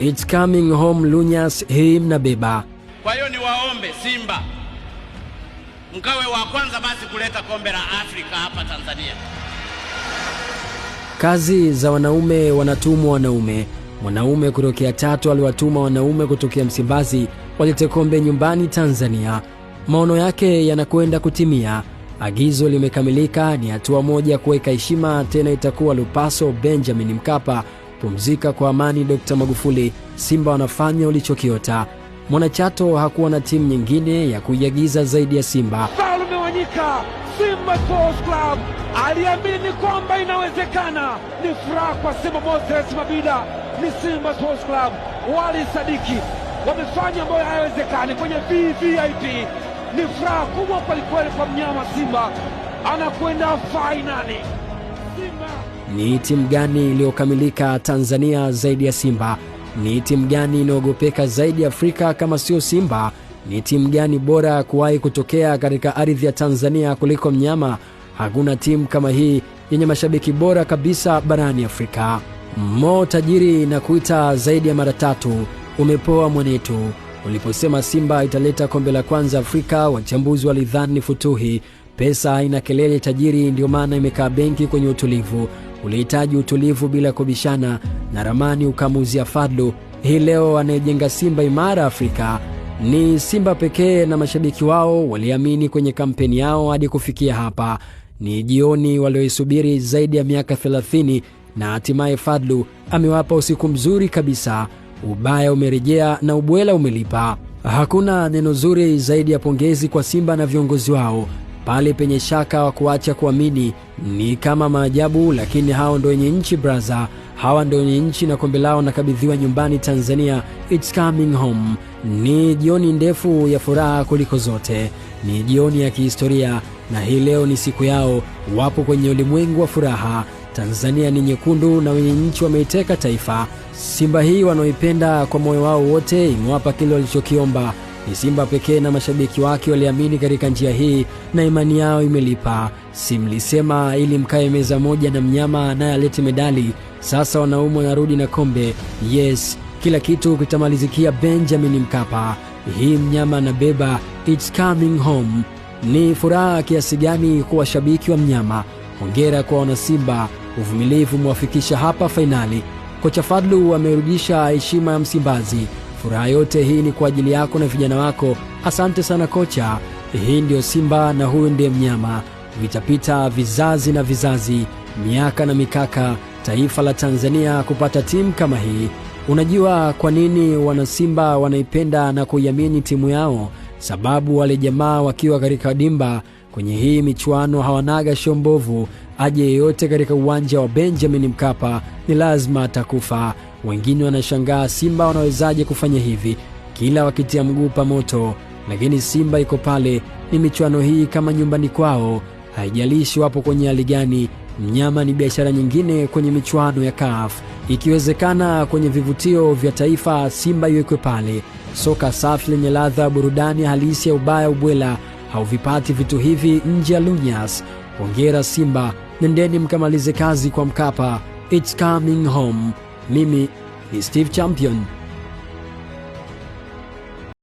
It's coming home Lunyas him na beba. Kwa hiyo niwaombe Simba mkawe wa kwanza basi kuleta kombe la Afrika hapa Tanzania. Kazi za wanaume wanatumwa wanaume. Mwanaume kutokea Tatu aliwatuma wanaume kutokea Msimbazi walete kombe nyumbani Tanzania. Maono yake yanakwenda kutimia. Agizo limekamilika, ni hatua moja kuweka heshima, tena itakuwa Lupaso Benjamin Mkapa pumzika kwa amani Dr. Magufuli, Simba wanafanya ulichokiota. Mwanachato hakuwa na timu nyingine ya kuiagiza zaidi ya Simba. Mfalme Wanyika, Simba Sports Club aliamini kwamba inawezekana. Ni furaha kwa Simba Moses Mabida, ni Simba Sports Club walisadiki, wamefanya ambayo hayawezekani kwenye VVIP. Ni furaha kubwa kwelikweli kwa mnyama Simba anakwenda fainali Simba ni timu gani iliyokamilika Tanzania zaidi ya Simba? Ni timu gani inaogopeka zaidi Afrika kama sio Simba? Ni timu gani bora kuwahi kutokea katika ardhi ya Tanzania kuliko mnyama? Hakuna timu kama hii yenye mashabiki bora kabisa barani Afrika. Mo tajiri na kuita zaidi ya mara tatu, umepoa mwanetu. Uliposema Simba italeta kombe la kwanza Afrika, wachambuzi walidhani ni futuhi. Pesa haina kelele, tajiri, ndiyo maana imekaa benki kwenye utulivu ulihitaji utulivu bila kubishana, na Ramani ukamuzia Fadlu. Hii leo anayejenga Simba imara Afrika ni Simba pekee, na mashabiki wao waliamini kwenye kampeni yao hadi kufikia hapa. Ni jioni walioisubiri zaidi ya miaka 30 na hatimaye Fadlu amewapa usiku mzuri kabisa. Ubaya umerejea na ubwela umelipa. Hakuna neno zuri zaidi ya pongezi kwa Simba na viongozi wao pale penye shaka wa kuacha kuamini ni kama maajabu, lakini hao ndio wenye nchi braza, hawa ndio wenye nchi na kombe lao nakabidhiwa nyumbani Tanzania, it's coming home. Ni jioni ndefu ya furaha kuliko zote, ni jioni ya kihistoria, na hii leo ni siku yao, wapo kwenye ulimwengu wa furaha. Tanzania ni nyekundu na wenye nchi wameiteka taifa. Simba hii wanaoipenda kwa moyo wao wote imewapa kile walichokiomba. Ni Simba pekee na mashabiki wake waliamini katika njia hii na imani yao imelipa. Si mlisema ili mkae meza moja na mnyama naye alete medali? Sasa wanaume wanarudi na kombe. Yes, kila kitu kitamalizikia Benjamin Mkapa. Hii mnyama anabeba it's coming home. Ni furaha kiasi gani kwa washabiki wa mnyama! Hongera kwa wanasimba, uvumilivu mwafikisha hapa fainali. Kocha Fadlu amerudisha heshima ya Msimbazi. Furaha yote hii ni kwa ajili yako na vijana wako. Asante sana kocha. Hii ndiyo Simba na huyu ndiye mnyama. Vitapita vizazi na vizazi, miaka na mikaka, taifa la Tanzania kupata timu kama hii. Unajua kwa nini wanasimba wanaipenda na kuiamini timu yao? Sababu wale jamaa wakiwa katika dimba kwenye hii michuano hawanaga shombovu. Aje yeyote katika uwanja wa Benjamin Mkapa ni lazima atakufa. Wengine wanashangaa Simba wanawezaje kufanya hivi kila wakitia mguu pa moto, lakini Simba iko pale. Ni michuano hii kama nyumbani kwao, haijalishi wapo kwenye hali gani. Mnyama ni biashara nyingine kwenye michuano ya CAF. Ikiwezekana kwenye vivutio vya taifa, Simba iwekwe pale. Soka safi lenye ladha, burudani halisi ya ubaya ubwela, hauvipati vitu hivi nje ya Lunyas. Hongera Simba, nendeni mkamalize kazi kwa Mkapa. It's coming home. Mimi ni Steve Champion.